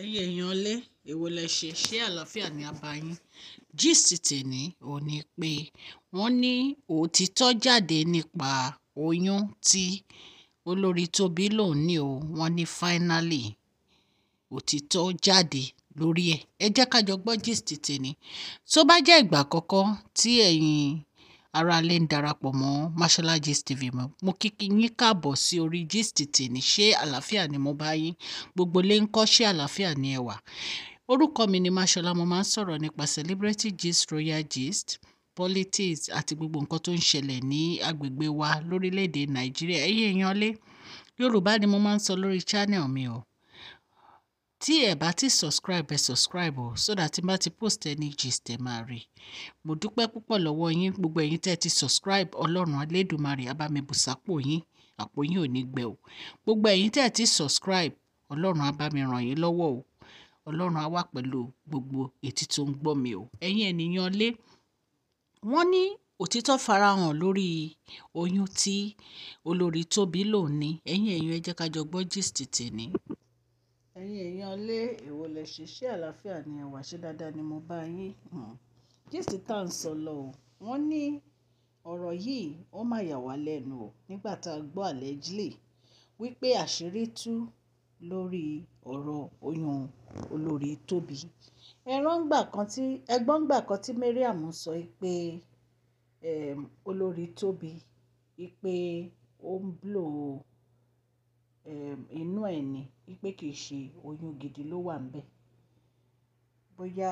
ẹ̀yin èèyàn lé èwo lẹ ṣe ṣé àlàáfíà ni a bá yín gist tèmi ò ní pé wọ́n ní òtítọ́ jáde nípa oyún tí olórí tóbi lòun ní o wọ́n ní finally òtítọ́ jáde lórí ẹ̀ ẹ jẹ́ ká jọ gbọ́ gist tèmi tó bá jẹ́ ìgbà àkọ́kọ́ tí ẹ̀yin aráalé ń darapọ̀ mọ́ Mashola Gist TV mọ́ mo kí yín káàbọ̀ sí orí gist tèmi ṣé àlàáfíà ni mo bá yín gbogbo lè ń kọ́ ṣé àlàáfíà ni ẹ wà orúkọ mi ni Mashola mo máa ń sọ̀rọ̀ nípa celebrity gist royal gist politics àti gbogbo nǹkan tó ń ṣẹlẹ̀ ní agbègbè wa lórílẹ̀‐èdè Nàìjíríà ẹ̀yẹ́ èèyàn lé Yorùbá ni mo máa ń sọ lórí channel mi o tí ẹ bá ti subscribe ẹ subscribe o so that tí n bá ti post ẹni gist ẹ máa rí mo dúpẹ́ púpọ̀ lọ́wọ́ yín gbogbo ẹ̀yin tẹ́ ti subscribe ọlọ́run alédùmarè abámibùsápò yín àpò yín ò ní gbẹ o gbogbo ẹ̀yin tẹ́ ti subscribe ọlọ́run abámiràn yín lọ́wọ́ o ọlọ́run á wà pẹ̀lú gbogbo etí tó ń gbọ́ mi o ẹ̀yin ènìyàn lé wọ́n ní òtítọ́ farahàn lórí oyún tí olórí tóbi lò ní ẹ̀yin èèyàn ẹ jẹ́ ká jọ gbọ́ gist tèmi. Ẹ̀yin èèyàn lé èwo lè ṣe, ṣé àlàáfíà ni ẹ̀wà ṣe dáadáa ni mo bá yín. Hmm. Gist tá ń sọ lọ ò, wọ́n ní ọ̀rọ̀ yìí ó máa yà wá lẹ́nu o nígbà tá a gbọ́ allegedly wípé àṣírí tú lórí ọ̀rọ̀ oyún olórí Tóbi. Ẹran gbà kan tí, ẹgbọ́n gbà kan tí Mariam sọ pé, olórí Tóbi pé ó ń blow inú ẹ̀ ni wípé kì í ṣe oyún gidi ló wà níbẹ̀. Bóyá,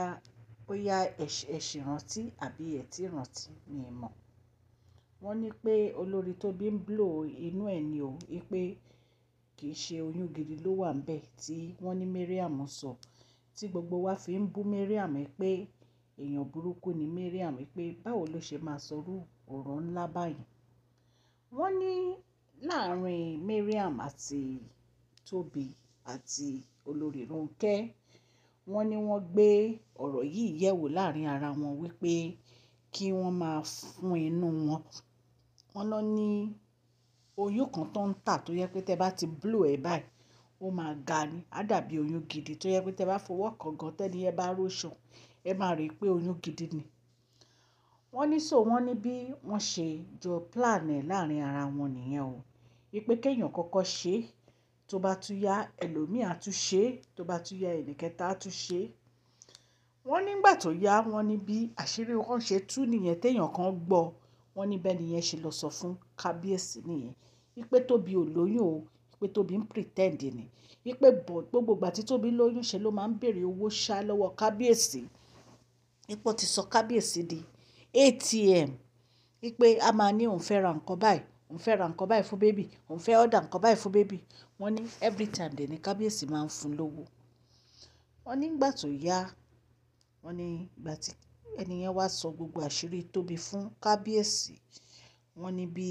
bóyá ẹ ṣì rántí àbí ẹ̀ tí rántí mi ò Wọ́n ní pé olórí tó ń blow inú ẹ̀ ni o, wípé kì í ṣe oyún gidi ló wà níbẹ̀ tí wọ́n ní Mariam sọ, tí gbogbo wa fi ń bú Mariam pé èèyàn burúkú ni Mariam pé báwo ló ṣe máa sọrú ọ̀rọ̀ ńlá báyìí. Wọ́n ní láàrin Mariam àti Tóbi àti olórí Rónkẹ́ wọ́n ní wọ́n gbé ọ̀rọ̀ yìí yẹ̀wò láàrin ara wọn wípé kí wọ́n máa fún inú wọn wọ́n lọ ní oyún kan tó ń tà tó yẹ pé tẹ bá ti blow ẹ̀ báyìí ó máa ga ni á dàbí oyún gidi tó yẹ pé tẹ bá fọwọ́ kàn gan tẹ́ni ẹ bá róṣàn ẹ máa rí i pé oyún gidi ni wọ́n ní so wọ́n ní bí wọ́n ṣe jọ plan ẹ̀ láàrin ara wọn nìyẹn o wípé kéèyàn kọ́kọ́ ṣe, tó bá tú yá ẹlòmíì á tún ṣe, tó bá tú yá ẹni kẹta á nígbà tó yá wọ́n ní bí àṣírí wọn ṣe tú nìyẹn téèyàn kan gbọ́. Wọ́n ní bẹ́ẹ̀ ni ìyẹn ṣe lọ sọ fún kábíyèsí nìyẹn. Wípé Tóbi ò lóyún o, wípé Tóbi ń pretend ni. Wípé but gbogbo ìgbà tí Tóbi lóyún ṣe ló máa ń bèèrè owó ṣá lọ́wọ́ kábíyèsí. Wípé ti sọ kábíyèsí di ATM. Wípé a máa ní òun fẹ́ ra nǹkan báyìí, òun fẹ́ ra nǹkan báyìí fún bébì òun fẹ́ ọ̀dà nǹkan báyìí fún bébì wọ́n ní every time dẹ̀ ni kábíyèsí máa ń fún lówó wọ́n ní ìgbà tó yá wọ́n ní ìgbà tí ẹnìyẹn wá sọ gbogbo àṣírí tóbi fún kábíyèsí wọ́n ní bí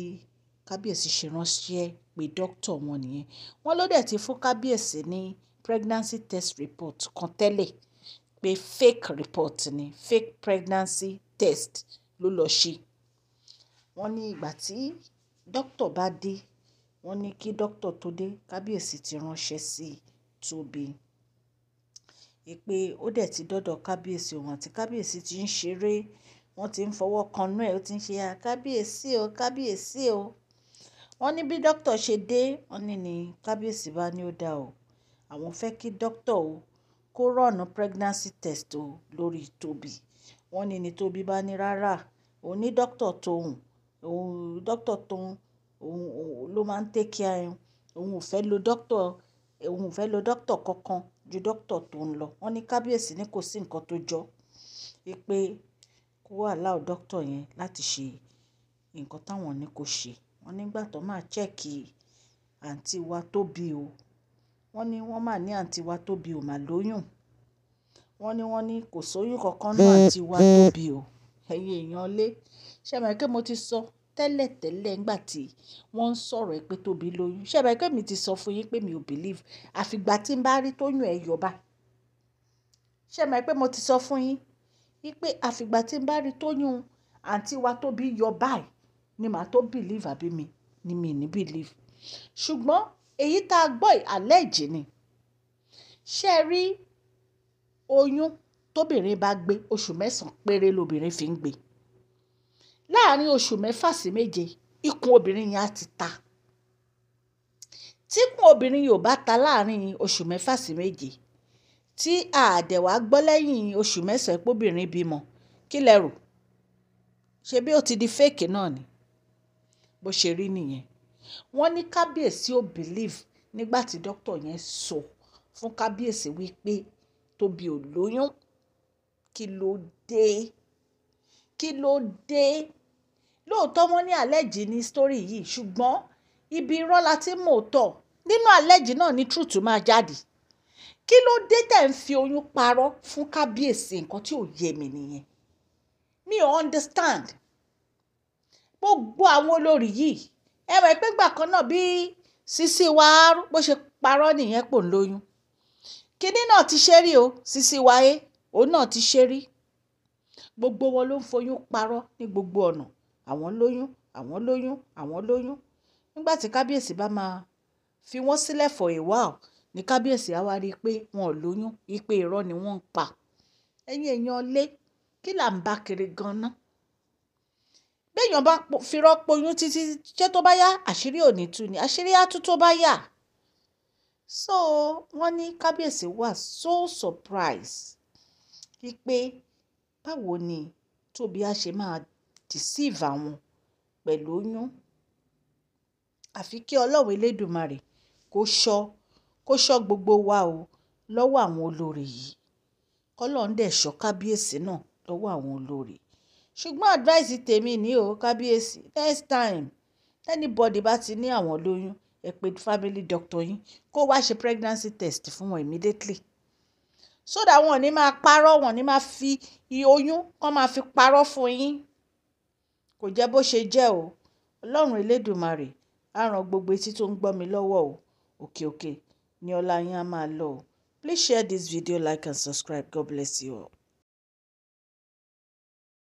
kábíyèsí ṣe ránṣẹ́ pé dókítà wọn nìyẹn wọ́n ló dẹ̀ ti fún kábíyèsí ní pregnancy test report kan tẹ́lẹ̀ pé fake report ni fake pregnancy test ló lọ ṣe wọ́n ní ìgbà tí Dóctor bá dé, wọ́n ní kí dóctor tó dé, kábíyèsí ti ránṣẹ́ sí Tóbi. Pé ó dẹ̀ ti dọ́dọ̀ kábíyèsí òun àti kábíyèsí ti ń ṣeré, wọ́n ti ń fọwọ́ kan inú ẹ̀, ó ti ń ṣe à kábíyèsí o, kábíyèsí o. Wọ́n ní bí dóctor ṣe dé, wọ́n ní ní kábíyèsí bá ní ó dáa o. Àwọn fẹ́ kí dóctor o kó rán pregnancy test o lórí Tóbi. Wọ́n ní ní Tóbi bá ní rárá, òun ní dóctor tóun, òun dókítà tóun òun ló máa ń take care ẹ̀ òun ò fẹ́ lo dókítà òun ò fẹ́ lo dókítà kankan ju dókítà tóun lọ wọ́n ní kábíyèsí ni kò sí nǹkan tó jọ pé kó allow dókítà yẹn láti ṣe nǹkan táwọn ní kó ṣe wọ́n nígbà tó máa check àǹtí wa Tóbi o wọ́n ní wọ́n máa ní àǹtí wa Tóbi o mà lóyún wọ́n ní wọ́n ní kò sóyún kankan náà àǹtí wa Tóbi o ẹ̀yin èèyàn lé ṣe mọ̀ pé mo ti sọ tẹ́lẹ̀tẹ́lẹ̀ ńgbà tí wọ́n ń sọ̀rọ̀ ẹ pé Tóbi lóyún ṣe mọ̀ pé mi ti sọ fún yín pé mi ò believe àfìgbà tí n bá rí tóyún ẹ yọba ṣe mọ̀ pé mo ti sọ fún yín wípé àfìgbà tí n bá rí tóyún àǹtí wa Tóbi yọ báyìí ni màá tó believe àbí mi ni mi ní believe ṣùgbọ́n èyí tá a gbọ́ àlẹ́ ìjì ni ṣe rí oyún tóbìnrin bá gbé oṣù mẹ́sàn-án péré lobìnrin fi ń gbé láàárín oṣù mẹ́fà sí méje ikùn obìnrin yẹn á ti ta tíkùn obìnrin yóò bá ta láàárín oṣù mẹ́fà sí méje tí àdẹ̀wà gbọ́ lẹ́yìn oṣù mẹ́sàn-án pọ́bìnrin bímọ kí lẹ ṣe bí ó ti di fake náà ni bó ṣe rí nìyẹn wọ́n ní kábíyèsí ò believe nígbà tí dókítà yẹn sọ fún kábíyèsí wípé tóbi ò lóyún kí ló dé kí ló dé lóòótọ́ wọn ní àlẹ́jì ní sítórì yìí ṣùgbọ́n ibi irọ́ la ti mò tọ̀ nínú àlẹ́jì náà ni truth máa jáde kí ló dé tẹ̀ ń fi oyún parọ́ fún kábíyèsí nǹkan tí ò yé mi nìyẹn mi ò understand gbogbo àwọn olórí yìí ẹ mọ̀ pé gbà kan náà bí Sisi wa bó ṣe parọ́ nìyẹn pò ń lóyún kinní náà ti ṣe rí o Sisi wa yé. E òun náà ti ṣe rí gbogbo wọn ló ń foyún parọ́ ní gbogbo ọ̀nà àwọn lóyún àwọn lóyún àwọn lóyún nígbà tí kábíyèsí bá máa fi wọ́n sílẹ̀ for a while ní kábíyèsí á wá rí i pé wọn ò lóyún ipe irọ́ ni wọ́n ń pa ẹ̀yin èèyàn lé kí là ń bá kiri gan-an béèyàn bá firọ́ poyún títí jẹ́ tó bá yá àṣírí ò ní tú ni àṣírí á tú tó bá yá so wọ́n ní kábíyèsí wà so surprised wípé báwo ni Tóbi á ṣe máa deceive àwọn pẹ̀lú oyún. Àfi kí Ọlọ́run Elédùmarè kó ṣọ́, kó ṣọ́ gbogbo wa o lọ́wọ́ àwọn olórí yìí. Kọ́lọ́run dẹ̀ ṣọ́ kábíyèsí náà lọ́wọ́ àwọn olórí. Ṣùgbọ́n advice tèmi ni o kábíyèsí, next time anybody bá ti ní àwọn lóyún, ẹ pe family doctor yín kó wá ṣe pregnancy test fún wọn immediately so that wọn ò ní máa parọ́ wọn ò ní máa fi oyún kán máa fi parọ́ fún yín kò jẹ́ bó ṣe jẹ́ o ọlọ́run elédùnmarè á ran gbogbo etí tó ń gbọ́ mi lọ́wọ́ o òkè òkè ni ọlá yín á máa lọ o please share this video like and subscribe god bless you all.